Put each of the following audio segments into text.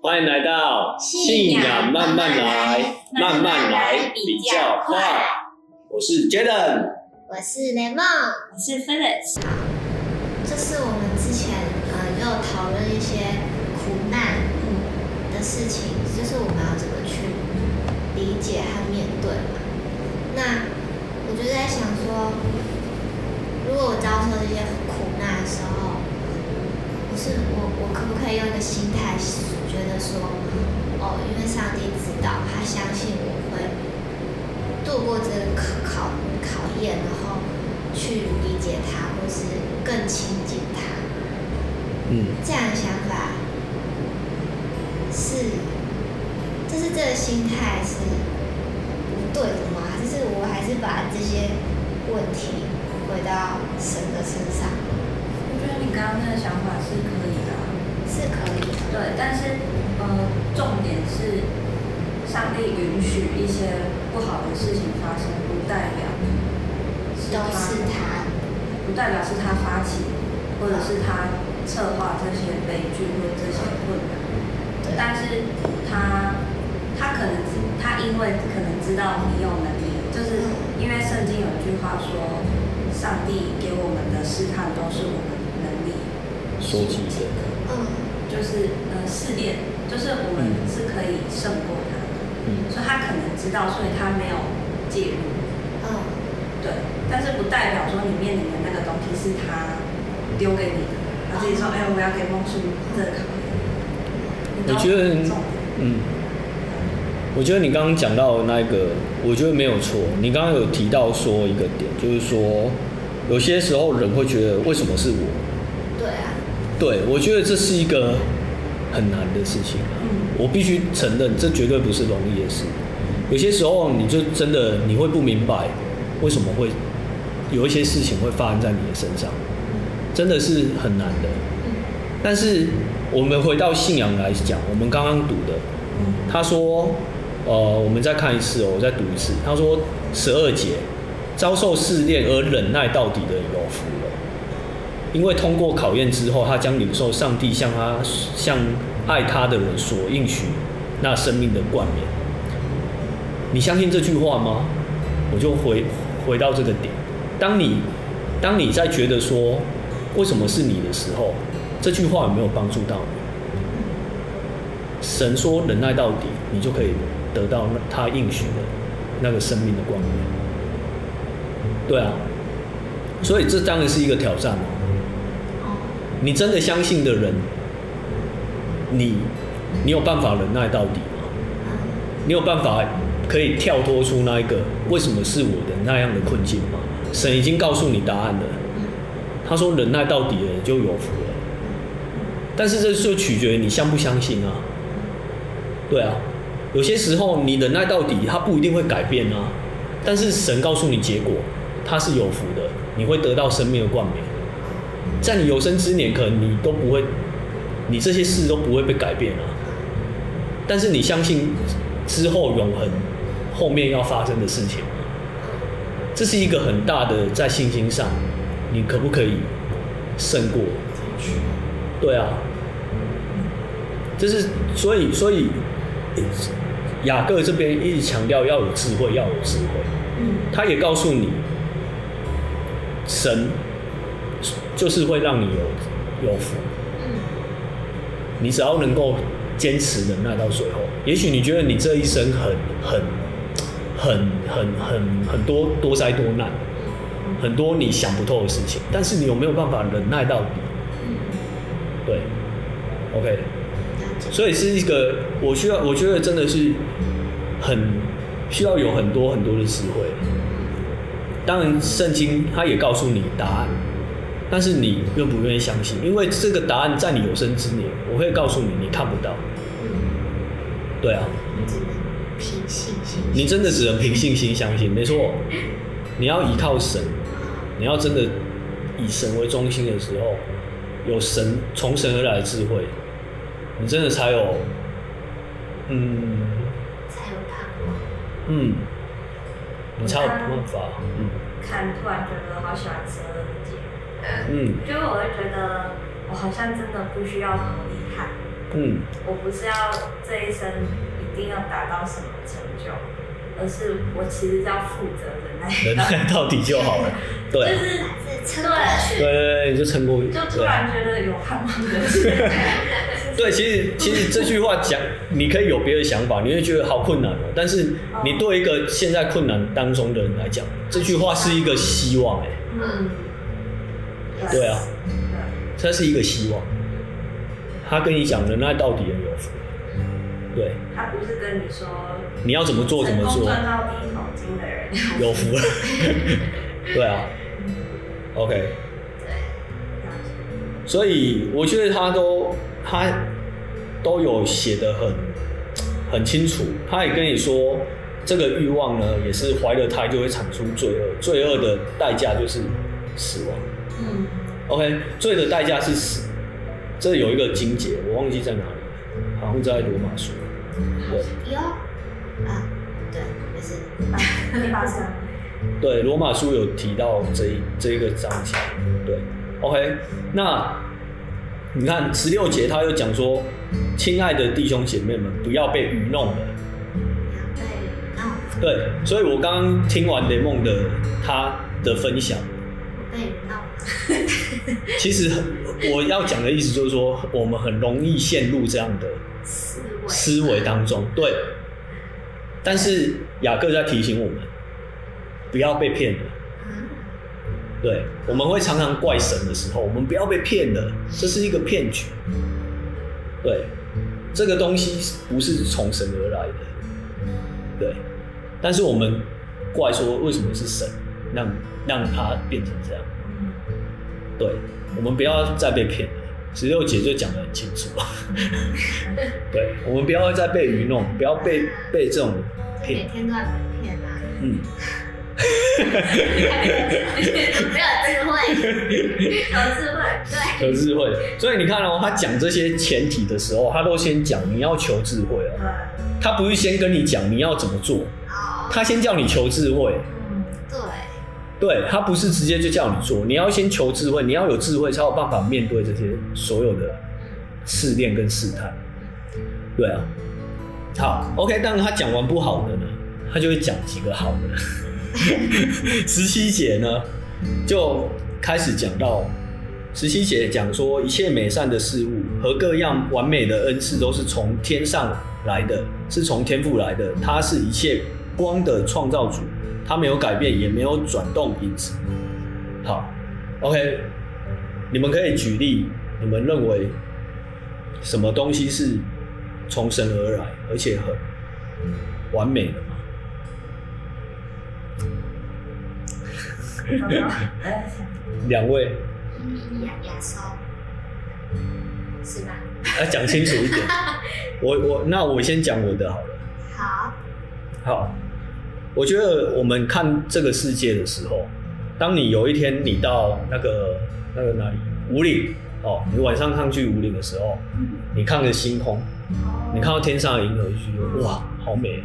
歡迎來到信仰慢慢來，慢慢來，慢慢來比較快。我是 Jaden，我是 Lemon，我是 Phoenix。好，這是我們之前呃，又討論一些苦難的事情，就是我們要怎麼去理解和面對嘛。那我就在想說，如果我遭受這些苦難的時候，就我，我可不可以用一個心態，覺得說，哦，因為上帝知道，他相信我會度過這個考考考驗，然後去理解他，或是更親近他。嗯。這樣的想法是，就是這個心態是不對的嘛，就是我還是把這些問題回到神的身上。就是你剛剛那個想法是可以的啊，是可以的。對，但是，呃，重點是，上帝允許一些不好的事情發生，不代表是，是他，不代表是他發起，或者是他策劃這些悲劇或者這些困難。但是他，他可能，他因為可能知道你有能力，就是因為聖經有一句話說，上帝給我們的試探都是我們的疏解的，嗯，就是呃，試煉，就是我們是可以勝過他的，嗯，嗯，所以他可能知道，所以他沒有介入，嗯，對，但是不代表說你面臨的那個東西是他丟給你的，他自己說，嗯、哎，我要給幫助這者康、嗯、我覺得嗯，嗯，我覺得你剛剛講到那個，我覺得沒有錯，你剛剛有提到說一個點，就是說有些時候人會覺得，為什麼是我？對，我覺得這是一個很難的事情。我必須承認，這絕對不是容易的事。有些時候，你就真的你會不明白，為什麼會有一些事情會發生在你的身上，真的是很難的。但是我們回到信仰來講，我們剛剛讀的，他說，呃，我們再看一次哦，我再讀一次。他說，十二節，遭受試煉而忍耐到底的有福了。因為通過考驗之後，他將領受上帝向他、向愛他的人所應許那生命的冠冕。你相信這句話嗎？我就回回到這個點：當你當你在覺得說為什麼是你的時候，這句話有沒有幫助到你？神說忍耐到底，你就可以得到那他應許的那個生命的冠冕。對啊，所以這當然是一個挑戰嘛。你真的相信的人，你你有辦法忍耐到底嗎？你有辦法可以跳脫出那一個為什麼是我的那樣的困境嗎？神已經告訴你答案了。他說忍耐到底了，你就有福了。但是這就取決於你相不相信啊？對啊，有些時候你忍耐到底，他不一定會改變啊。但是神告訴你結果，他是有福的，你會得到生命的冠冕。在你有生之年，可能你都不會，你這些事都不會被改變啊。但是你相信之後永恆，後面要發生的事情，這是一個很大的在信心上，你可不可以勝過？對啊，這是所以所以雅各這邊一直強調要有智慧，要有智慧。他也告訴你，神。就是會讓你有有福。你只要能夠堅持忍耐到最後，也許你覺得你這一生很很很很很很多多災多難，很多你想不透的事情，但是你有沒有辦法忍耐到底？對。OK。所以是一個我需要，我覺得真的是很需要有很多很多的智慧。當然，聖經他也告訴你答案。但是你願不願意相信？因為這個答案在你有生之年，我會告訴你，你看不到。嗯、對啊。你只能憑信心，心。你真的只能憑信心相信，沒錯。你要依靠神，你要真的以神為中心的時候，有神從神而來的智慧，你真的才有，嗯。才有答案。嗯。你才有辦法。嗯。看，突然覺得好喜歡吃。嗯。就是我會覺得，我好像真的不需要很厲害。嗯。我不是要這一生一定要達到什麼成就，而是我其實要負責忍耐，忍耐到底就好了。 就是對，啊就是、對，對，對。就是對。對對你就成功。就突然覺得有盼望的事，對，其實其實這句話講，你可以有別的想法，你會覺得好困難、喔、但是你對一個現在困難當中的人來講、哦，這句話是一個希望哎、欸。嗯。對啊，這是一個希望。他跟你講，人那到底有沒有福？對。他不是跟你說，你要怎麼做，怎麼做，成功賺到第一桶金的人有福了。 對啊。OK 對。對。所以我覺得他都他都有寫得很很清楚。他也跟你說，這個慾望呢，也是懷了胎就會產出罪惡，罪惡的代價就是死亡。嗯。OK，罪的代價是死，這有一個經節，我忘記在哪裡，好像在羅馬書。有對，也是一百三。對，羅 馬書有提到這一，這一個章節。對，OK，那你看十六節他又講說，親愛的弟兄姐妹們，不要被愚弄了。不要被愚弄。對，所以我剛剛聽完雷夢的他的分享。對要 其實我要講的意思就是說，我們很容易陷入這樣的思維當中，對。但是雅各在提醒我們，不要被騙了。對，我們會常常怪神的時候，我們不要被騙了，這是一個騙局。對，這個東西不是從神而來的。對，但是我們怪說為什麼是神讓讓他變成這樣。對，我們不要再被騙了，十六節就講得很清楚。 對，我們不要再被愚弄，不要被被這種騙，每天都要被騙啊！嗯，沒 有 智慧，求 智慧，對，智慧。所以你看哦、喔，他講這些前提的時候，他都先講你要求智慧了 他不是先跟你講你要怎麼做，他先叫你求智慧。對，他不是直接就叫你做，你要先求智慧，你要有智慧才有辦法面對這些所有的試煉跟試探。對啊，好，OK。但是他講完不好的呢，他就會講幾個好的呢。十七節呢，就開始講到十七節講說，一切美善的事物和各樣完美的恩賜都是從天上來的，是從天父來的，他是一切光的創造主。他沒有改變，也沒有轉動影子，好 okay，OK，你們可以舉例，你們認為什麼東西是從神而來，而且很完美的嗎？兩、okay. 兩位，牙是吧？啊，講清楚一點。 我我那我先講我的好了。好。好。我覺得我們看這個世界的時候，當你有一天你到那個那個哪裡，武嶺哦、喔，你晚上看去武嶺的時候，你看個星空，你看到天上的銀河系，哇，好美，啊！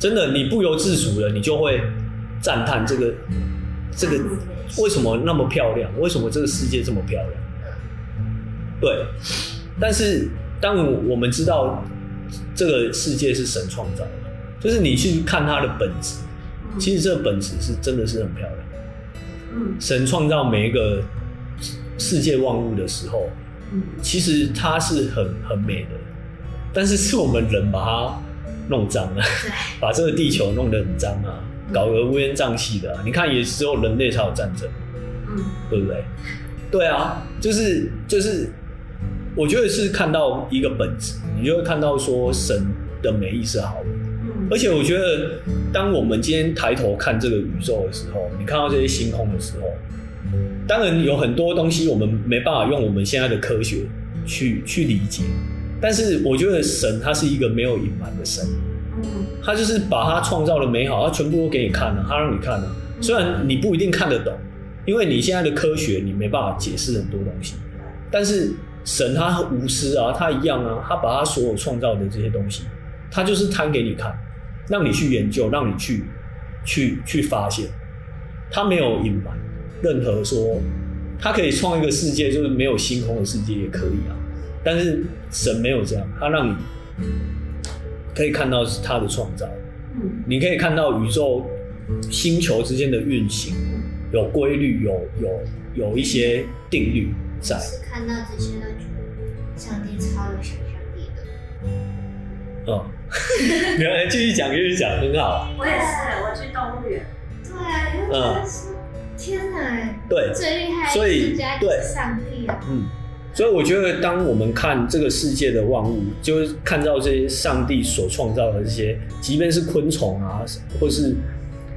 真的，你不由自主的，你就會讚嘆這個這個為什麼那麼漂亮？為什麼這個世界這麼漂亮？對，但是當我們知道這個世界是神創造的，就是你去看它的本質。其實這個本質是真的是很漂亮的。神創造每一個世界萬物的時候，其實它是很很美的，但是是我們人把它弄髒了，把這個地球弄得很髒啊，搞得烏煙瘴氣的啊。你看，也只有人類才有戰爭，對不對？對啊，就是，就是就是，我覺得是看到一個本質，你就會看到說神的美意是好的。而且我覺得，當我們今天抬頭看這個宇宙的時候，你看到這些星空的時候，當然有很多東西我們沒辦法用我們現在的科學去去理解。但是我覺得神他是一個沒有隱瞞的神，他就是把他創造的美好，他全部都給你看了啊，他讓你看了啊。雖然你不一定看得懂，因為你現在的科學你沒辦法解釋很多東西。但是神他無私啊，他一樣啊，他把他所有創造的這些東西，他就是攤給你看。讓你去研究，讓你去去去發現，他沒有隱瞞任何說，他可以創一個世界，就是沒有星空的世界也可以啊。但是神沒有這樣，他讓你可以看到他的創造，嗯，你可以看到宇宙星球之間的運行，有規律，有有有一些定律在。是看到這些，上帝超有想象力的。 哦， 然後來繼續講，繼續講，很好。我也是，我去動物園，對啊，因為真的是天哪，對，最厲害，啊，所以對上帝啊，嗯，所以我覺得，當我們看這個世界的萬物，嗯、就是看到這些上帝所創造的這些，即便是昆蟲啊，或是、嗯、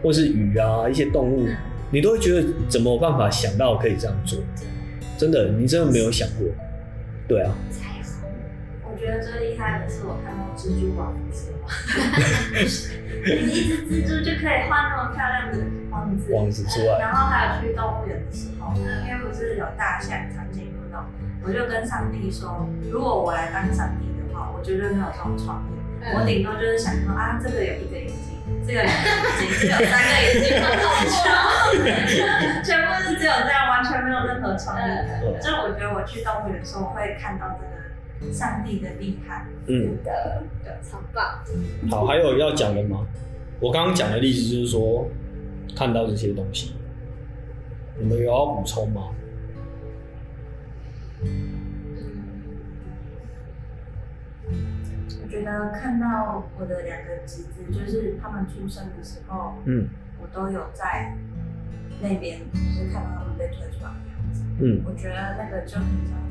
或是魚啊，一些動物，嗯、你都會覺得怎麼有辦法想到我可以這樣做？真的，你真的沒有想過，對啊。我覺得最厲害的是我看到蜘蛛網的時候，你 一隻蜘蛛就可以畫那麼漂亮的房子， 王子。然後還有去動物園的時候，嗯、因為不是有大象、長頸鹿那種，我就跟上帝說，如果我來當上帝的話，我絕對沒有這種創意，我頂多就是想說啊，這個有一個眼睛，這個眼睛 有三個眼睛， 全部是只有這樣，完全沒有任何創意。所以我覺得我去動物園的時候，我會看到、這個。上帝的厲害，嗯的的，超棒。好，還有要講的嗎？我剛剛講的例子就是說，看到這些東西，你們有要補充嗎？嗯，我覺得看到我的兩個侄子，就是他們出生的時候，嗯，我都有在那邊，就是看到他們被推出來的樣子，嗯，我覺得那個就很像，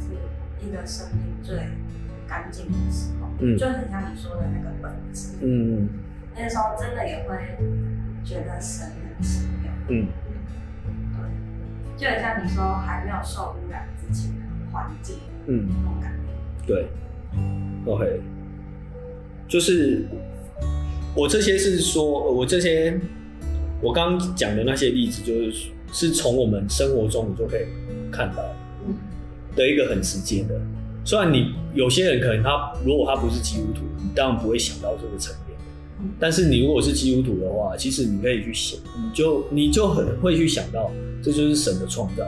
一個生命最乾淨的時候，嗯，就很像你說的那個本質。嗯嗯，那時候真的也會覺得神的存在。嗯，對，就很像你說還沒有受污染之前的環境。嗯，那種感覺。對，OK，就是我這些是說，我這些我剛講的那些例子，就是是從我們生活中你就可以看到的一個很直接的，雖然你有些人可能他如果他不是基督徒，你當然不會想到這個層面。但是你如果是基督徒的話，其實你可以去想，你就你就很會去想到，這就是神的創造，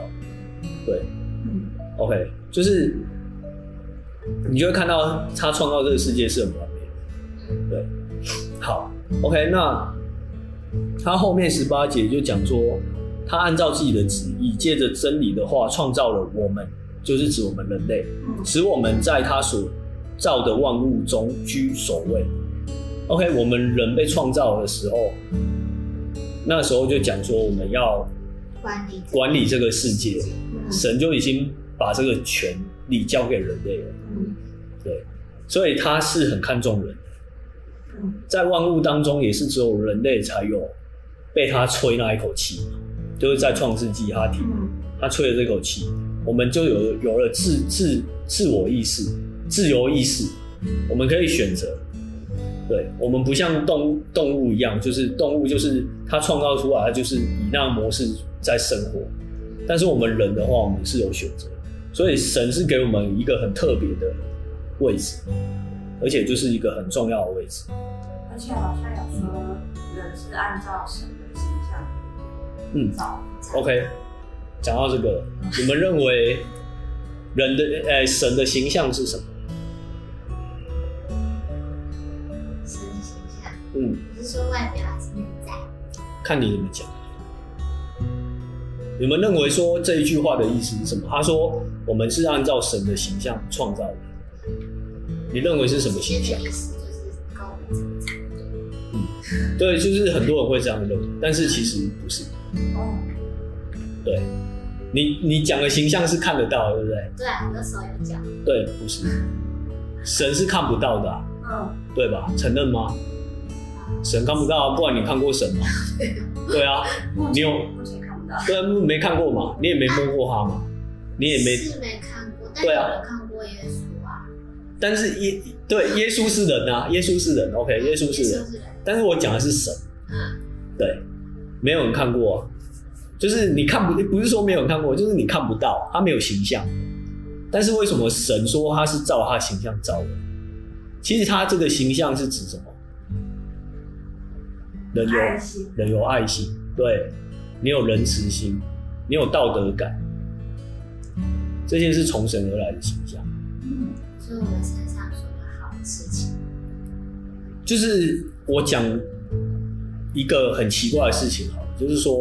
對，嗯，OK，就是你就會看到他創造這個世界是很完美的，對，好，OK，那他後面十八節就講說，他按照自己的旨意，借着真理的話，創造了我們。就是指我們人類，使我們在他所造的萬物中居首位。OK，我們人被創造的時候，那時候就講說我們要管理管理這個世界，神就已經把這個權力交給人類了。對，所以他是很看重人，在萬物當中也是只有人類才有被他吹那一口氣，就是在創世記，哈提，他吹了這口氣。我們就有了有了自自自我意識、自由意識，我們可以選擇。對，我們不像動動物一樣，就是動物就是它創造出來，它就是以那模式在生活。但是我們人的話，我們是有選擇，所以神是給我們一個很特別的位置，而且就是一個很重要的位置。而且好像有說，人是按照神的形象。嗯，O K。Okay. 想到這個， 你們認為人的誒、欸、神的形象是什麼？神的形象，嗯，是說外表還是內在？看你怎麼講。你們認為說這一句話的意思是什麼？他說：“我們是按照神的形象創造的。”你認為是什麼形象？就是高，嗯，對，就是很多人會這樣認為，但是其實不是。哦，對。你你講的形象是看得到，對不對？對啊，有手有腳。對，不是。神是看不到的、啊，嗯，對吧？承認嗎？神看不到、啊，不然你看過神嗎？對啊，你有？目前，目前看不到、啊。沒看過嘛，你也沒摸過他嘛、啊，你也沒。對，有看過耶穌啊。但是耶，對，耶穌是人啊，耶穌是人，OK，、嗯、耶穌是，是人。但是我講的是神、嗯，對，沒有人看過、啊。就是你看不，不是說沒有看過，就是你看不到，他沒有形象。但是為什麼神說他是照他形象造的？其實他這個形象是指什麼？人有，愛心，人有愛心，對，你有仁慈心，你有道德感，這些是從神而來的形象。嗯，所以我們身上所有好的事情，就是我講一個很奇怪的事情好了，就是說。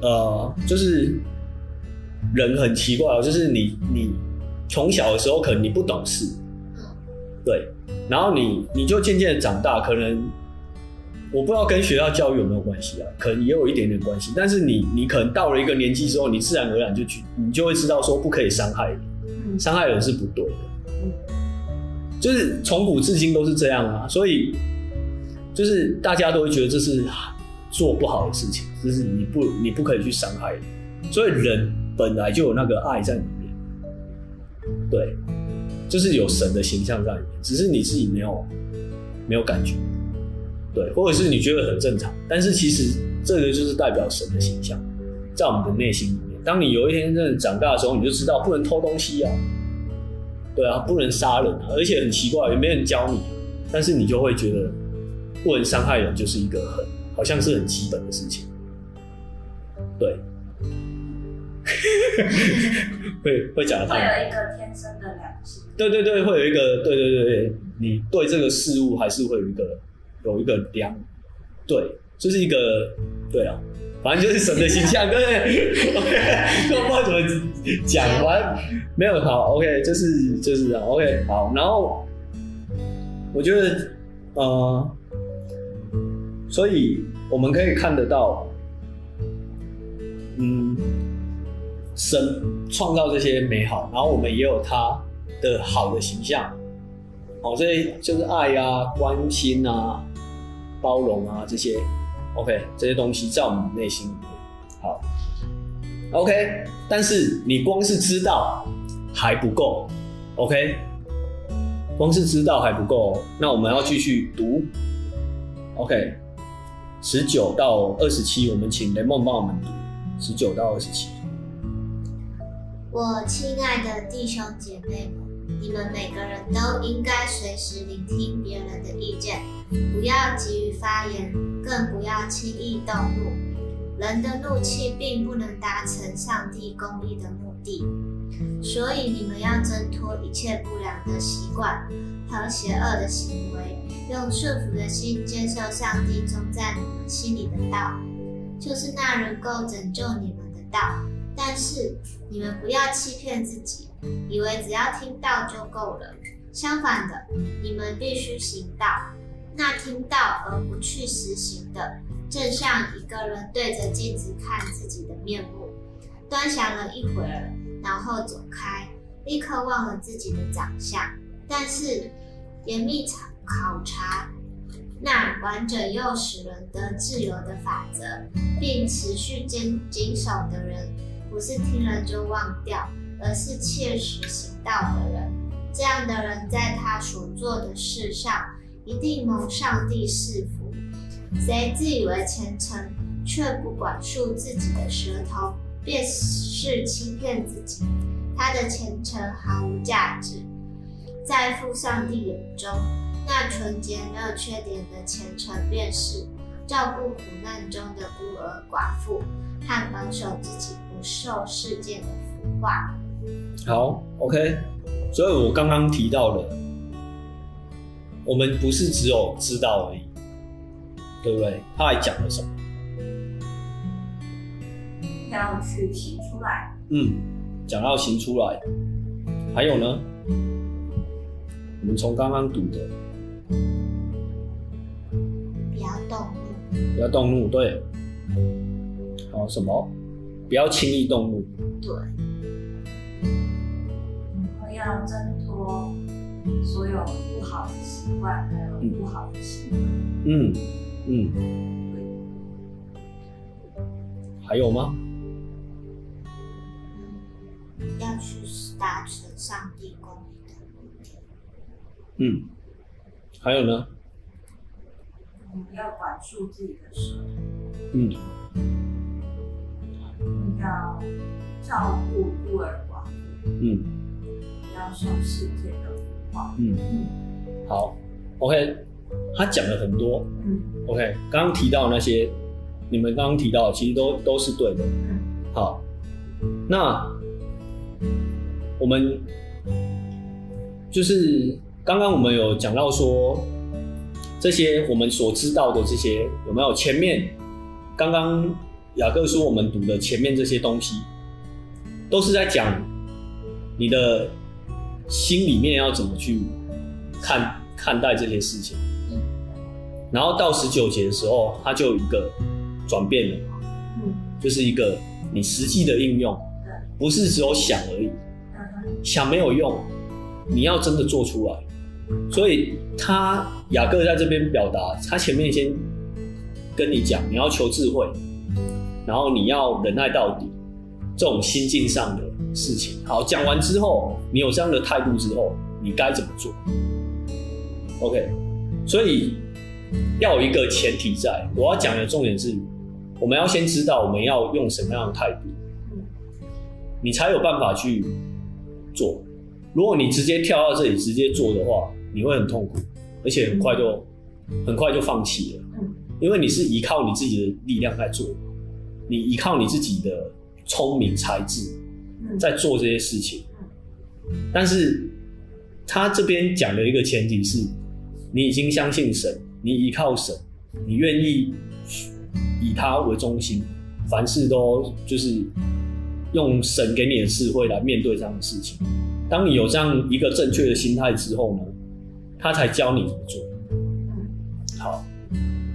呃，就是人很奇怪，就是你你從小的時候可能你不懂事，對，然後你你就漸漸的長大，可能我不知道跟學校教育有沒有關係啊，可能也有一點點關係，但是你你可能到了一個年紀之後，你自然而然就去，你就會知道說不可以傷害人，傷害人是不對的，就是從古至今都是這樣啊，所以就是大家都會覺得這是。做不好的事情，就是你不你不可以去傷害人，所以人本來就有那個愛在裡面，對，就是有神的形象在裡面，只是你自己沒有沒有感覺，對，或者是你覺得很正常，但是其實這個就是代表神的形象在我們的內心裡面。當你有一天真的長大的時候，你就知道不能偷東西啊，對啊，不能殺人啊，而且很奇怪，也沒人教你，但是你就會覺得不能傷害人就是一個很。好像是很基本的事情，對， 會會講得太難。會有一個天生的良知，對對對，會有一個，對對對對，你對這個事物還是會有一個有一個量，對，就是一個對啊，反正就是神的形象，對不對，對？我、okay, 不知道怎麼講，完，反正、啊、沒有好，OK，就是就是好 OK，好，然後我覺得，嗯、呃。所以我們可以看得到，嗯，神創造這些美好，然後我們也有他的好的形象，好，所以就是愛啊、關心啊、包容啊這些，OK，這些東西在我們內心裡面，好，OK，但是你光是知道還不夠，OK，光是知道還不夠，那我們要繼續讀，OK。十九到二十七，我們請雷夢幫我們讀。十九到二十七，我親愛的弟兄姐妹們，你們每個人都應該隨時聆聽別人的意見，不要急於發言，更不要輕易動怒。人的怒氣並不能達成上帝公義的目的，所以你們要掙脫一切不良的習慣。和邪惡的行為，用順服的心接受上帝種在你們心裡的道，就是那能夠拯救你們的道。但是你們不要欺騙自己，以為只要聽到就夠了。相反的，你們必須行道。那聽到而不去實行的，正像一個人對着鏡子看自己的面目，端詳了一會兒，然後走開，立刻忘了自己的長相。但是嚴密考察，那完整又使人得自由的法則，並持續堅謹守的人，不是聽了就忘掉，而是切實行道的人。這樣的人在他所做的事上一定蒙上帝賜福。誰自以為虔誠，卻不管束自己的舌頭，便是欺騙自己，他的虔誠毫無價值。在父上帝眼中，那純潔沒有缺點的虔誠，便是照顧苦難中的孤兒寡婦，和保守自己不受世界的腐化。好，OK。所以我剛剛提到了，我們不是只有知道而已，對不對？他還講了什麼？要去行出來。嗯，講要行出來。還有呢？我們從剛剛讀的，不要動怒，不要動怒，對。好，哦，什麼？不要輕易動怒，對。我要掙脫所有不好的習慣，還有不好的習慣，嗯嗯，嗯對。還有嗎？嗯，要去達成上帝公。嗯，還有呢？你要管束自己的手。嗯。要照顧孤兒寡婦。嗯。不要說世界的話。嗯嗯。好，OK，他講了很多。嗯。OK，剛剛提到那些，你們剛剛提到，其實都都是對的。嗯。好，那我們就是。剛剛我們有講到說，這些我們所知道的這些有沒有前面？剛剛雅各說我們讀的前面這些東西，都是在講你的心裡面要怎麼去看看待這些事情。然後到十九節的時候，它就有一個轉變了。就是一個你實際的應用。不是只有想而已。想沒有用，你要真的做出來。所以他雅各在這邊表達，他前面先跟你講，你要求智慧，然後你要忍耐到底，這種心境上的事情。好，講完之後，你有這樣的態度之後，你該怎麼做？OK，所以要有一個前提在，我要講的重點是，我們要先知道我們要用什麼樣的態度，你才有辦法去做。如果你直接跳到這裡，直接做的話，你會很痛苦，而且很快就、嗯、很快就放棄了、嗯，因為你是依靠你自己的力量在做的，你依靠你自己的聰明才智在做這些事情。嗯、但是他這邊講的一個前提是，你已經相信神，你依靠神，你願意以他為中心，凡事都就是用神給你的智慧來面對這樣的事情。當你有這樣一個正確的心態之後呢，他才教你怎麼做好。好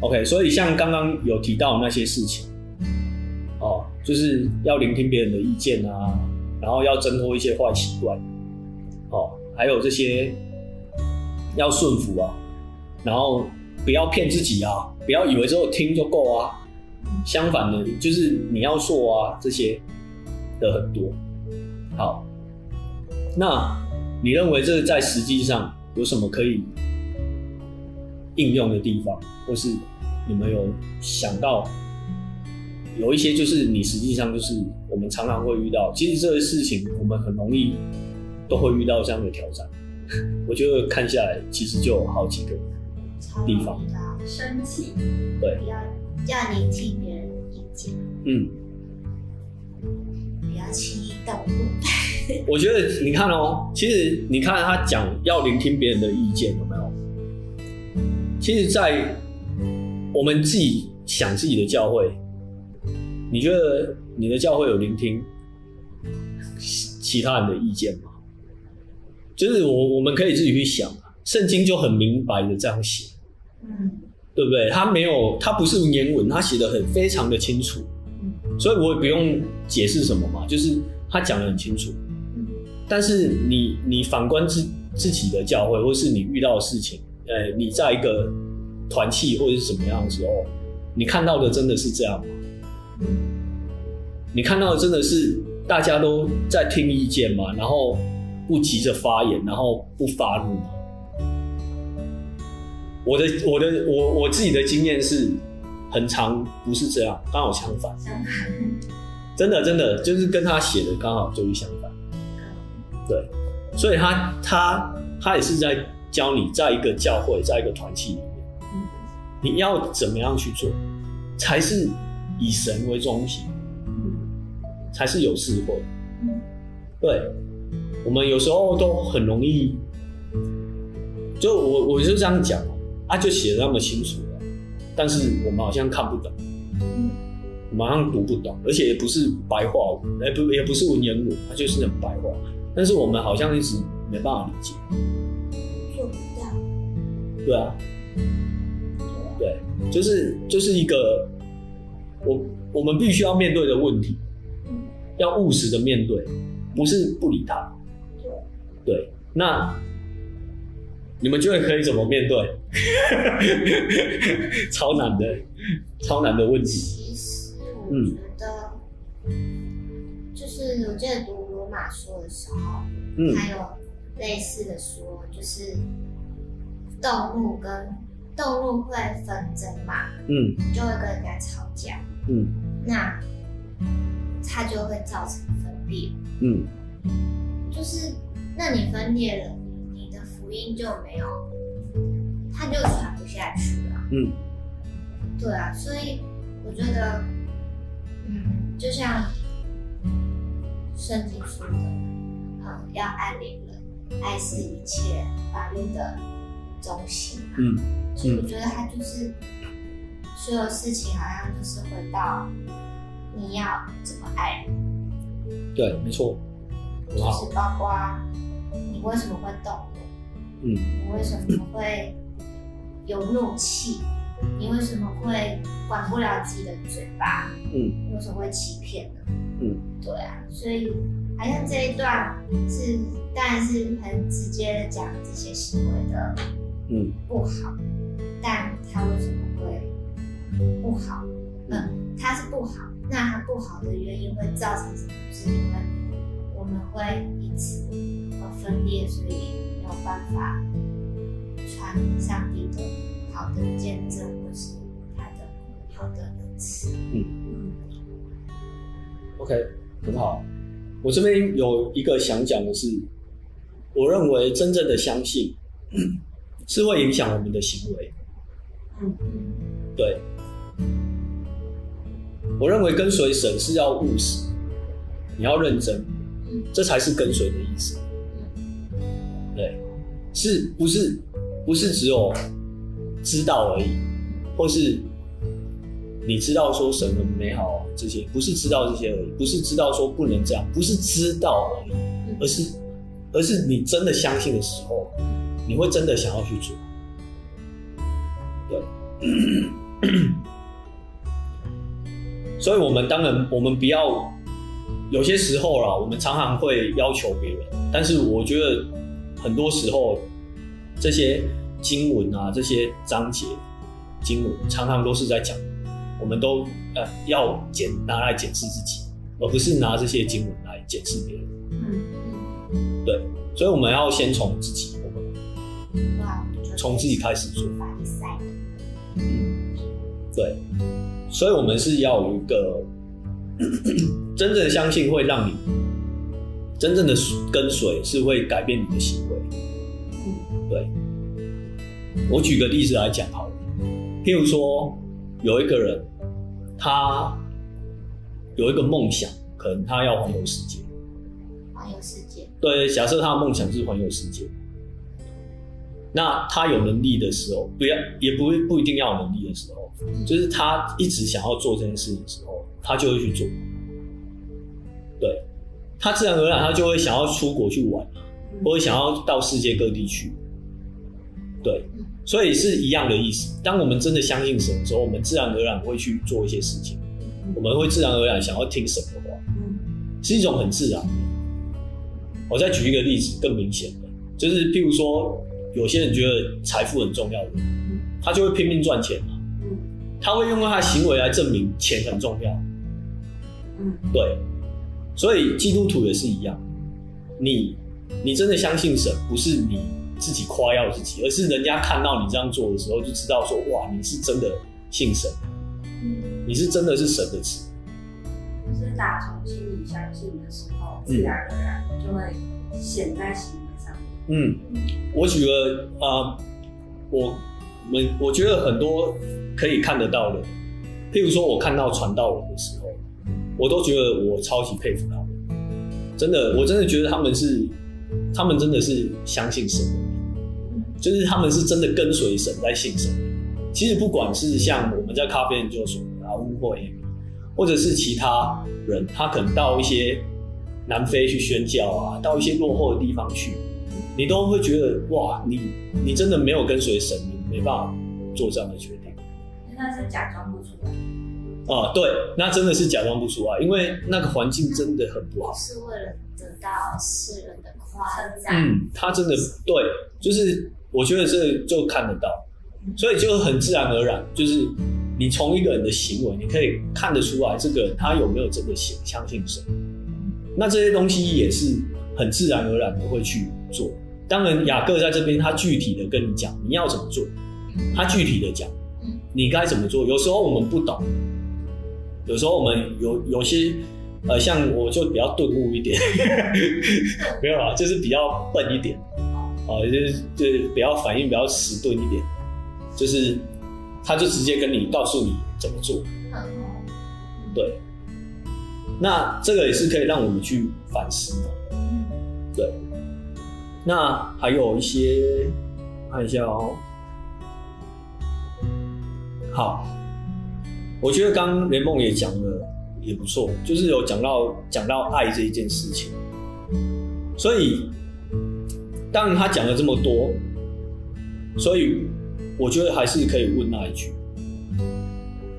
，OK，所以像剛剛有提到那些事情，哦，就是要聆聽別人的意見啊，然後要掙脫一些壞習慣，哦，還有這些要順服啊，然後不要騙自己啊，不要以為只有聽就夠啊，相反的，就是你要做啊，這些的很多。好，那你認為這在實際上？有什麼可以應用的地方，或是你們有想到有一些，就是你實際上就是我們常常會遇到。其實這些事情我們很容易都會遇到這樣的挑戰。我覺得看下來，其實就有好幾個地方。生氣，對，要要年輕一點，嗯，不要輕易動怒。 我覺得你看哦，其實你看他講要聆聽別人的意見有沒有？其實，在我們自己想自己的教會，你覺得你的教會有聆聽其他人的意見嗎？就是我我們可以自己去想，聖經就很明白的這樣寫，嗯，對不對？他沒有，他不是文言文，他寫得很非常的清楚，所以我也不用解釋什麼嘛，就是他講得很清楚。但是你你反觀自自己的教會，或是你遇到的事情，呃、欸，你在一個團契或者是怎麼樣的時候，你看到的真的是這樣嗎？你看到的真的是大家都在聽意見嗎？然後不急着發言，然後不發怒嗎？我的我的我我自己的經驗是很常不是這樣，剛好相反，真的真的就是跟他寫的剛好就是相反。對，所以他他他也是在教你，在一個教會，在一個團體裡面、嗯，你要怎麼樣去做，才是以神為中心，嗯、才是有智慧，嗯。對，我們有時候都很容易，就我我就這樣講他啊，啊就寫得那麼清楚，啊，但是我們好像看不懂，我們好像讀不懂，而且也不是白話文，也不也不是文言文，他、啊、就是那種白話。但是我們好像一直沒辦法理解，做不到。對啊，對，就是就是一個我我們必須要面對的問題，要務實的面對，不是不理他。對，那你們覺得可以怎麼面對？ 超難的，超難的問題，嗯。其實我覺得，就是有這樣讀。馬說的時候，嗯，還有類似的說，就是動物跟動物會紛爭嘛，嗯，就會跟人家吵架，嗯，那它就會造成分裂，嗯，就是那你分裂了，你的福音就沒有，它就傳不下去了，嗯，對啊，所以我覺得，嗯，就像。聖經說的，呃、要愛鄰人，愛是一切法律，嗯、的中心，啊、嗯，所以我覺得他就是，嗯、所有事情，好像就是回到你要怎麼愛你，嗯。對，沒錯。就是包括你為什麼會動怒，嗯，你為什麼會有怒氣？嗯你為什麼會管不了自己的嘴巴？嗯，你為什麼會欺騙呢？嗯，對啊，所以好像這一段是當然是很直接的講這些行為的，嗯，不好。但它為什麼會不好？嗯，它是不好。那它不好的原因會造成什麼？是因為我們會因此而分裂，所以沒有辦法傳上帝的。好的見證是他的好的詞，嗯，OK，很好。我這邊有一個想講的是，我認為真正的相信是會影響我們的行為，嗯，對。我認為跟隨神是要務實，你要認真，嗯、這才是跟隨的意思。對，是不是？不是只有。知道而已，或是你知道說什麼美好這些，不是知道這些而已，不是知道說不能這樣，不是知道而已，而是，而是你真的相信的時候，你會真的想要去做。對， 所以我們當然，我們不要有些時候啦，我們常常會要求別人，但是我覺得很多時候這些。經文啊，這些章節經文常常都是在講，我們都、呃、要檢拿來檢視自己，而不是拿這些經文來檢視別人。嗯。對，所以我們要先從自己，從自己開始做。嗯。對，所以我們是要有一個真正的相信，會讓你真正的跟隨是會改變你的行為。嗯。對。我舉個例子來講好了，譬如說，有一個人，他有一個夢想，可能他要環遊世界。環遊世界。對，假設他的夢想是環遊世界。那他有能力的時候，不要，也不不一定要有能力的時候、嗯，就是他一直想要做這件事的時候，他就會去做。對，他自然而然他就會想要出國去玩，或、嗯、者想要到世界各地去。對。所以是一樣的意思。當我們真的相信神的時候，我們自然而然會去做一些事情。我們會自然而然想要聽神的話，是一種很自然的。我再舉一個例子更明顯的，就是譬如說，有些人覺得財富很重要的人，他就會拼命賺錢嘛，他會用他的行為來證明錢很重要，對。所以基督徒也是一樣，你你真的相信神，不是你。自己誇耀自己，而是人家看到你這樣做的時候，就知道說：哇，你是真的信神的、嗯，你是真的是神的子。就是打從心裡相信的時候，嗯、自然而然就會顯在心上。嗯，我舉個啊，我們，我覺得很多可以看得到的，譬如說我看到傳道人的時候，我都覺得我超級佩服他們，真的，我真的覺得他們是，他們真的是相信神的。就是他們是真的跟隨神在信神。其實不管是像我們在咖啡研究所，然後 u 或者是其他人，他可能到一些南非去宣教啊，到一些落後的地方去，你都會覺得哇，你你真的沒有跟隨神，你沒辦法做這樣的決定。那是假裝不出來。啊、嗯，對，那真的是假裝不出來啊，因為那個環境真的很不好。是為了得到世人的誇讚。嗯，他真的對，就是。我覺得這就看得到，所以就很自然而然，就是你從一個人的行為，你可以看得出來，這個人他有沒有真的想相信什麼。那這些東西也是很自然而然的會去做。當然，雅各在這邊，他具體的跟你講，你要怎麼做，他具體的講，你該怎麼做。有時候我們不懂，有時候我們有有些呃，像我就比較頓悟一點， 沒有啊，就是比較笨一點。啊，就是就比較反應比較遲鈍一點，就是他就直接跟你告訴你怎麼做、嗯。對。那這個也是可以讓我們去反思的、嗯。對。那還有一些，看一下哦、喔。好。我覺得剛雷夢也講的也不錯，就是有講到講到愛這一件事情，所以。當然，他講了這麼多，所以我覺得還是可以問那一句，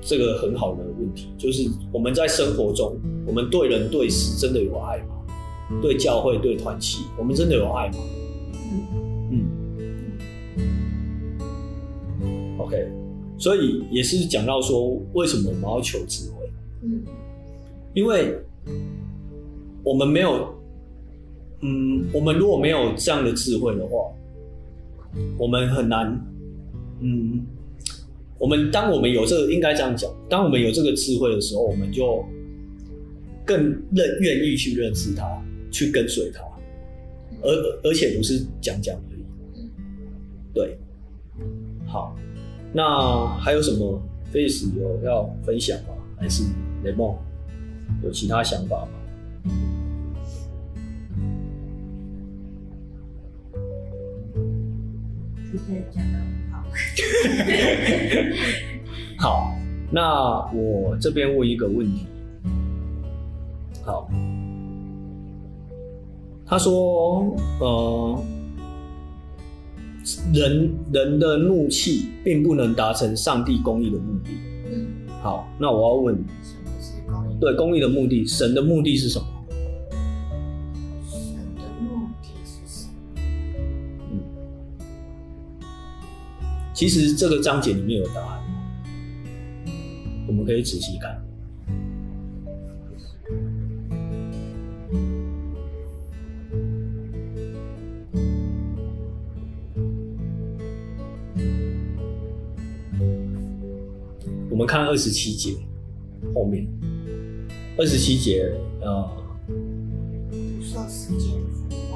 這個很好的問題，就是我們在生活中，嗯、我們對人對事真的有愛嗎？嗯、對教會對團體，我們真的有愛嗎？嗯，嗯，OK，所以也是講到說，為什麼我們要求智慧？嗯，因為我們沒有。嗯，我們如果沒有這樣的智慧的話，我們很難。嗯，我們當我們有這個，應該這樣講，當我們有這個智慧的時候，我們就更認願意去認識他，去跟隨他，而而且不是講講而已。對，好，那還有什麼 face 有要分享嗎？還是雷夢有其他想法嗎？ 好，那我這邊問一個問題，好，他說，呃，人人的怒氣並不能達成上帝公義的目的，嗯，好，那我要問，對，公義的目的，神的目的是什麼？其實這個章節裡面有答案，我們可以仔細看。我們看二十七節後面，二十七節呃，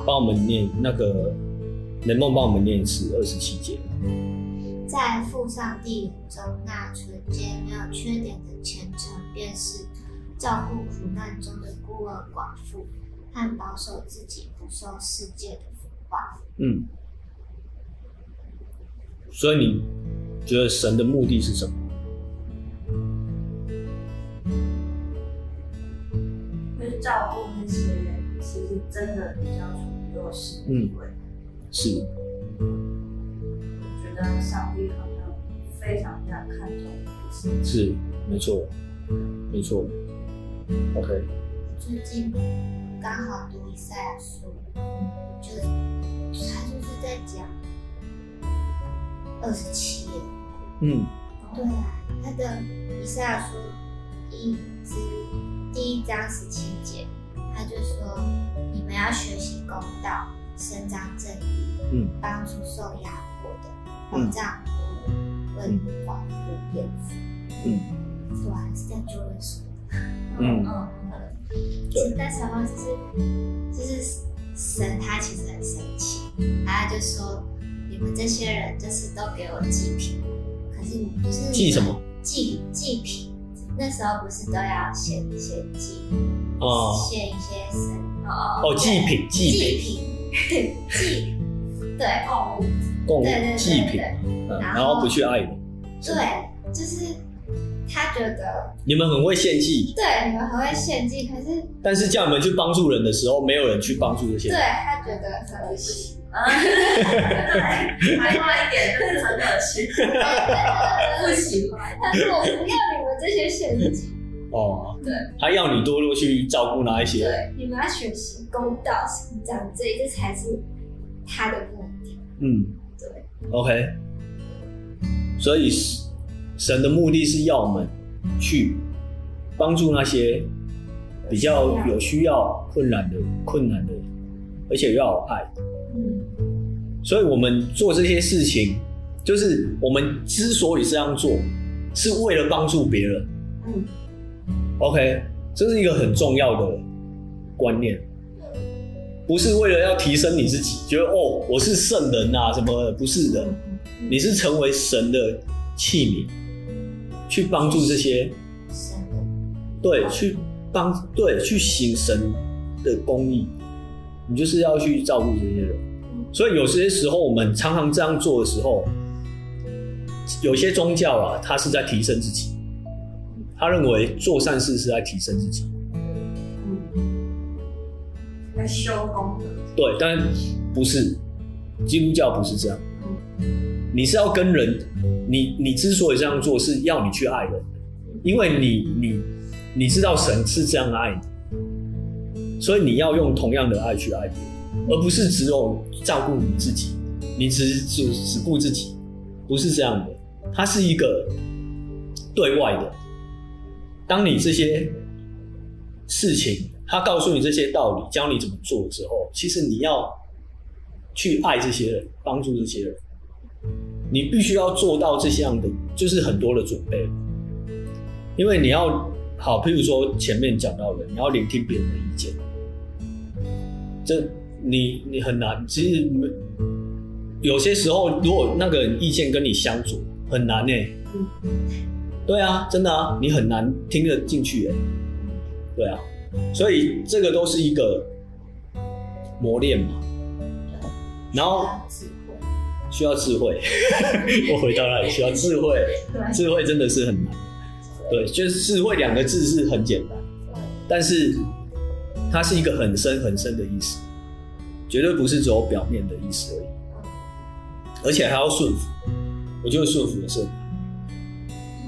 幫我們念那個，能夢幫我們念是二十七節。在父上帝眼中，那純潔沒有缺點的虔誠，便是照顧苦難中的孤兒寡婦，和保守自己不受世界的腐化。嗯。所以你覺得神的目的是什麼？就是照顧那些人，其實真的比較處於弱勢。嗯，是。上帝好像非常非常看重的事，是沒錯，沒錯。OK，最近剛好讀以賽亞書，嗯就，就他就是在講二十七頁，嗯，對啊，他的以賽亞書一之第一章十七節，他就說：你們要學習公道，伸張正義，嗯，幫助受壓。綁、嗯、架，嗯，嗯，對吧？在做些什嗯嗯嗯，對、嗯。現、嗯、在、嗯、時、就是，就是神，他其實很神奇，然後就說，你們這些人就是都給我祭品，可是你不是祭，祭什麼？祭祭品，那時候不是都要獻獻祭，哦，獻一些神，哦 okay, 哦祭品，祭品，祭， 對哦。祭品對對對對，然後不去愛你對，就是他覺得你們很會獻祭。對，你們很會獻祭，可是但是叫你們去幫助人的時候，沒有人去幫助這些人。對，他覺得很噁心。對， 還差一點就是很噁心。哈、嗯、不喜歡，他說我不要你們這些獻祭。哦，對，他要你多多去照顧那一些。對，你們要學習公道、正直，這，這才是他的目的。嗯。OK，所以神的目的是要我們去幫助那些比較有需要、困難的、困難的，而且要有愛。所以我們做這些事情，就是我們之所以這樣做，是為了幫助別人。OK，這是一個很重要的觀念。不是為了要提升你自己，覺得哦，我是聖人啊，什麼不是人？你是成為神的器皿，去幫助這些。對，去幫，對，去行神的公義，你就是要去照顧這些人。所以有些時候我們常常這樣做的時候，有些宗教啊，他是在提升自己，他認為做善事是在提升自己。修功德，對，但不是基督教不是這樣。你是要跟人，你你之所以這樣做，是要你去愛人的，因為你你你知道神是這樣愛你，所以你要用同樣的愛去愛別人，而不是只有照顧你自己，你只只只顧自己，不是這樣的。它是一個對外的，當你這些事情。他告訴你這些道理，教你怎麼做之後，其實你要去愛這些人，幫助這些人，你必須要做到這些樣的，就是很多的準備，因為你要好，譬如說前面講到的，你要聆聽別人的意見，這你你很難，其實有些時候，如果那個意見跟你相左，很難誒、欸，對啊，真的啊，你很難聽得進去誒、欸，對啊。所以這個都是一個磨練嘛，然後需要智慧，我回到那裡需要智慧，智慧真的是很難，對，就是智慧兩個字是很簡單，但是它是一個很深很深的意思，絕對不是只有表面的意思而已，而且還要順服，我覺得順服是。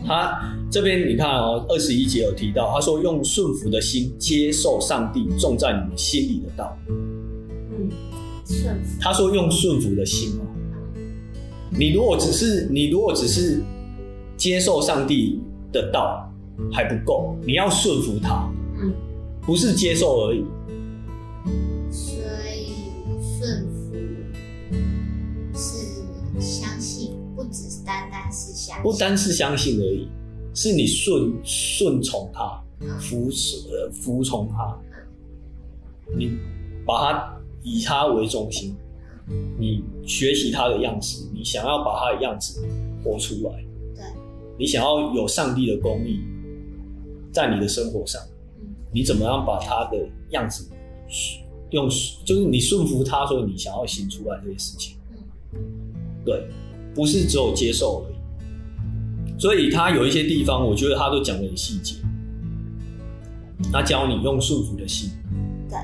他這邊你看哦，二十一節有提到，他說，用順服的心接受上帝種在你們心裡的道。嗯，順服。他說用順服的心哦，你如果只是你如果只是接受上帝的道還不夠，你要順服他，不是接受而已。不單是相信而已，是你順順從他，扶持，呃服從他，你把他以他為中心，你學習他的樣子，你想要把他的樣子活出來，對，你想要有上帝的公義在你的生活上，嗯，你怎麼樣把他的樣子用就是你順服他說你想要行出來這些事情，嗯，對，不是只有接受了。所以他有一些地方，我覺得他都講得很細節。他教你用順服的心，對，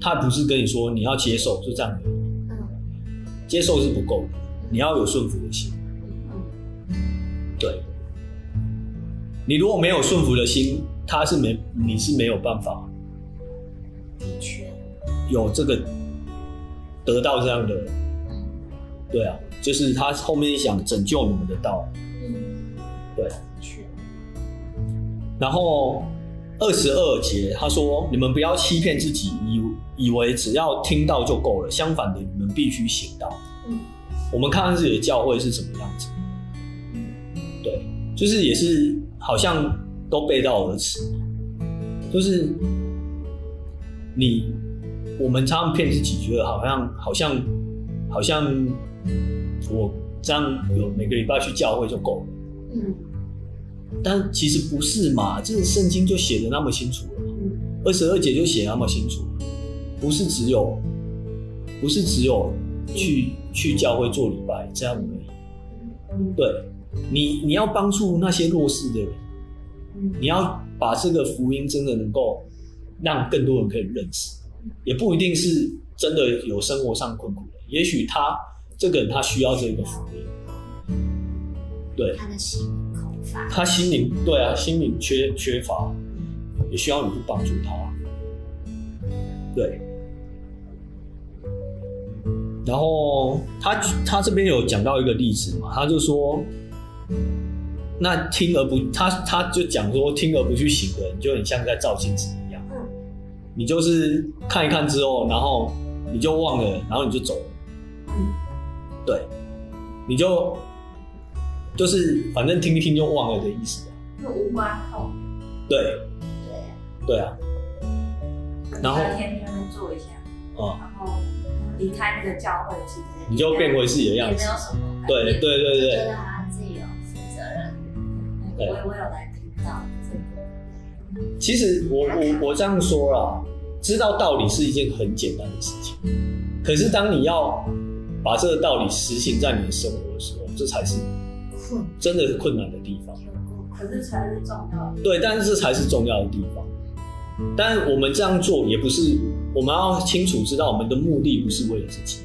他不是跟你說你要接受，是這樣的。嗯，接受是不夠的，你要有順服的心。對，你如果沒有順服的心，他是沒你是沒有辦法，的確，有這個得到這樣的，對啊，就是他後面想拯救你們的道。對，然後二十二節他說：“你們不要欺騙自己，以以為只要聽到就夠了。相反的，你們必須行道。嗯。我們看看自己的教會是什麼樣子。對，就是也是好像都背道而馳。就是你，我們常常騙自己，覺得好像好像好像我這樣有每個禮拜去教會就夠了。”但其實不是嘛？這個聖經就寫的那麼清楚了，二十二節就寫的那麼清楚了，不是只有，不是只有去去教會做禮拜這樣而已。對，你你要幫助那些弱勢的人，你要把這個福音真的能夠讓更多人可以認識，也不一定是真的有生活上困苦，也許他這個人他需要這個福音。對，他的心空乏，他心靈。對啊，心靈缺缺乏，嗯，也需要你去幫助他，啊。對，然後他他這邊有講到一個例子嘛，他就說，那聽而不他他就講說，聽而不去行的人，就很像在照鏡子一樣。嗯，你就是看一看之後，然後你就忘了，然後你就走了，嗯、對，你就。就是反正聽一聽就忘了的意思啊。就無關痛。對。對。對啊。然後。在天那邊做一下。哦。然後離開那個教會，其實你就變回自己的樣子。對沒有什麼。對對對對。覺得對。自己對。負責任。我我有來聽到這個。其實我我我這樣說了，知道道理是一件很簡單的事情，可是當你要把這個道理實行在你的生活的時候，這才是。真的是困難的地方，可是才是重要。對，但是這才是重要的地方。但我們這樣做也不是，我們要清楚知道我們的目的不是為了自己。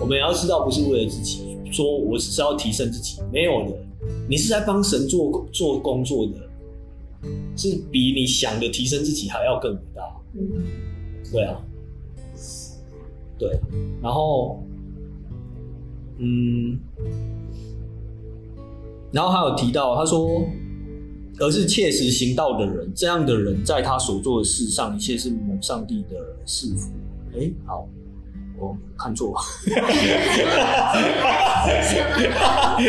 我們也要知道不是為了自己，說我只是要提升自己，沒有的。你是在幫神做做工作的，是比你想的提升自己還要更偉大。嗯。對啊。對，然後，嗯。然後還有提到，他說，而是切實行道的人，這樣的人在他所做的事上，一切是蒙上帝的賜福。哎，好，我看錯了。了哈哈不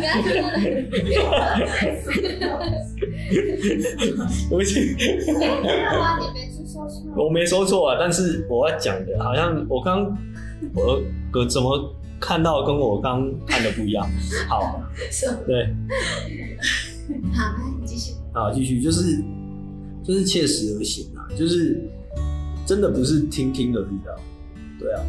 要這樣子，我沒說錯啊，但是我要講的，好像我剛我隔怎麼。看到跟我剛看的不一樣，好，啊，是，對， 好的，繼續，好，繼續，就是，就是切實而行啊，就是真的不是聽聽而已的，對啊，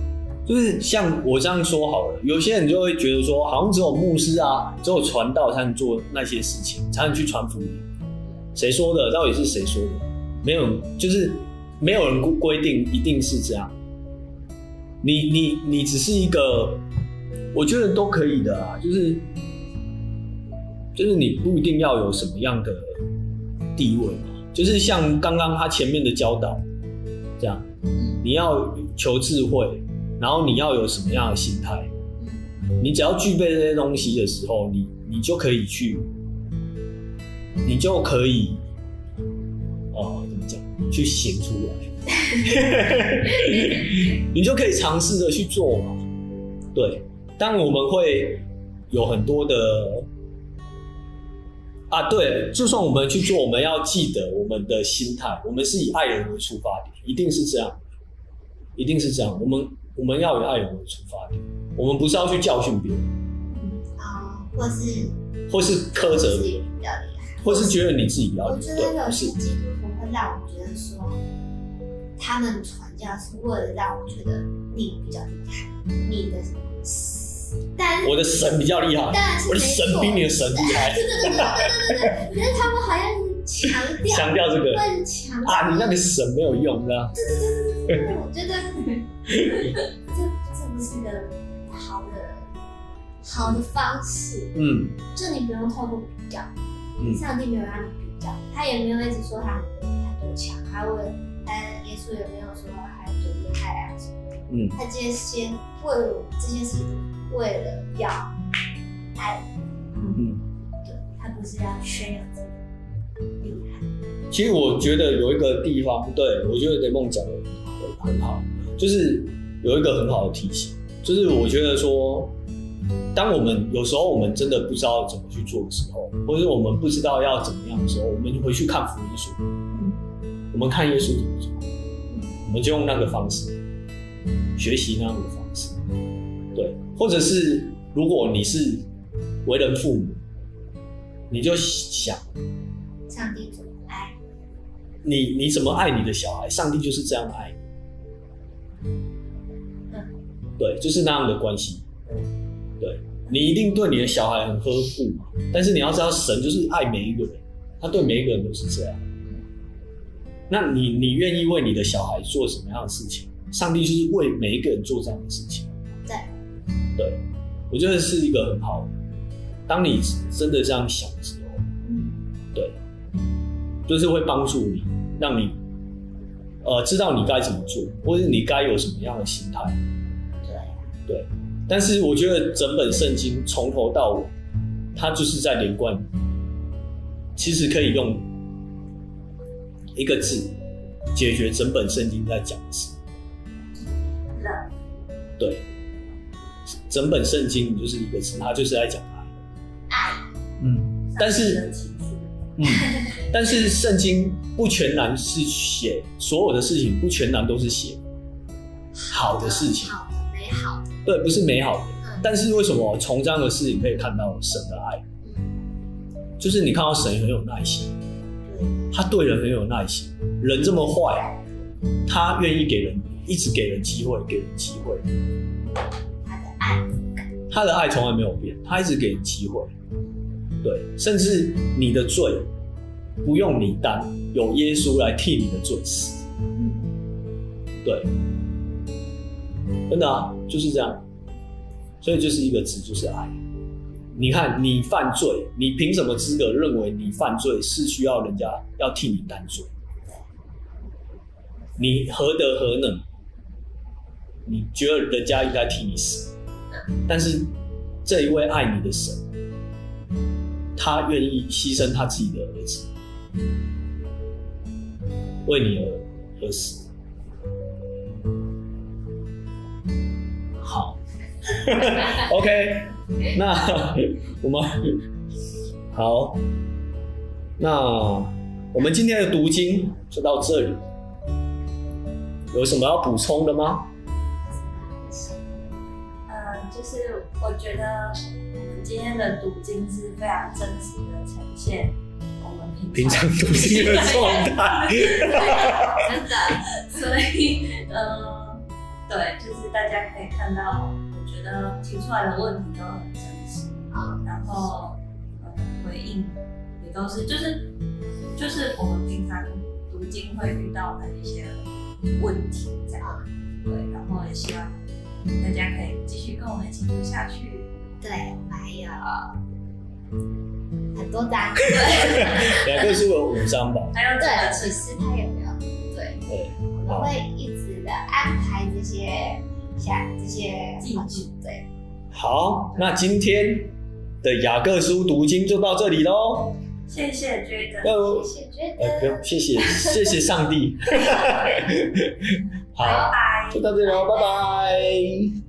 就是像我這樣說好了，有些人就會覺得說，好像只有牧師啊，只有傳道才能做那些事情，才能去傳福音。誰說的？到底是誰說的？沒有，就是沒有人規定一定是這樣，你你你只是一個。我覺得都可以的啊，就是，就是你不一定要有什麼樣的地位嘛，就是像剛剛他前面的教導，這樣，你要求智慧，然後你要有什麼樣的心態，你只要具備這些東西的時候，你你就可以去，你就可以，哦、喔，怎麼講，去行出來， 你就可以嘗試着去做嘛，對。但我們會有很多的啊，對，就算我們去做，我們要記得我們的心態，我們是以愛人為出發點，一定是這樣，一定是這樣。我們我們要以愛人為出發點，我們不是要去教訓別人，嗯哦、啊，或是或是苛責別人比較厲害，或是覺得你自己比較厲害。我覺得有些基督徒會讓我覺得說，他們傳教是為了讓我覺得你比較厲害，你的。我的神比較厲害，當然是，我的神比你的神厲害。對對對對對對，可是 他們好像是強調強調這個啊，你那個神沒有用的。對對對對對，對，對，對， 對，我覺得 這這不是一個好的好的方式。嗯，就你不用透過比較，上帝沒有讓你比較，嗯，他也沒有一直說他很強，他問他耶穌也沒有說他有多厲害啊，嗯，他今天先問我這些先為這些事情。為了要愛，嗯，對他不是要宣揚自己厲害。其實我覺得有一個地方，對我覺得雷夢講的很好，就是有一個很好的提醒，就是我覺得說，當我們有時候我們真的不知道怎麼去做的時候，或者我們不知道要怎麼樣的時候，我們就回去看福音書，我們看耶穌怎麼做，嗯，我們就用那個方式學習那個。對，或者是如果你是為人父母，你就想你，上帝怎麼愛你？你怎麼愛你的小孩？上帝就是這樣愛你。對，就是那樣的關係。對，你一定對你的小孩很呵護嘛。但是你要知道，神就是愛每一個人，他對每一個人都是這樣。那你你願意為你的小孩做什麼樣的事情？上帝就是為每一個人做這樣的事情。對，我覺得是一個很好。當你真的這樣想的時候，嗯，對，就是會幫助你，讓你呃知道你該怎麼做，或者你該有什麼樣的心態。對，但是我覺得整本聖經從頭到尾，它就是在連貫。其實可以用一個字解決整本聖經在講的事。Love，對。整本聖經，你就是一個詞，它就是講愛講愛，愛。嗯，但是，嗯， 但是聖經不全然是寫所有的事情，不全然都是寫好的事情好的，好的、美好的。對，不是美好的。嗯，但是為什麼從這樣的事情可以看到神的愛？就是你看到神很有耐心，他對人很有耐心，人這麼壞，他願意給人一直給人機會，給人機會。他的愛從來沒有變，他一直給你機會，對，甚至你的罪不用你擔，有耶穌來替你的罪死，嗯、對，真的、啊、就是這樣，所以就是一個字就是愛。你看你犯罪，你憑什麼資格認為你犯罪是需要人家要替你擔罪？你何德何能？你覺得人家應該替你死？但是，這一位愛你的神，他願意犧牲他自己的兒子，為你而而死。好 ，OK， 那我們好，那我們今天的讀經就到這裡，有什麼要補充的嗎？就是我覺得我們今天的讀經是非常真實的呈現，我們平常讀經的狀態，真的。所以，嗯、呃，對，就是大家可以看到，我覺得提出來的問題都很真實啊。然後、呃，回應也都是就是就是我們平常讀經會遇到的一些問題在。對，然後也希望。大家可以繼續跟我們一起讀下去。對，還有很多章。雅各書有五章吧。還有對其實他也沒有對對，我們會一直的安排這些像這些進去對、嗯。好，那今天的雅各書讀經就到這裡嘍。謝謝覺得，呃、謝謝覺得，呃呃、謝謝謝謝上帝。 對 拜拜，就到這裡好，拜拜。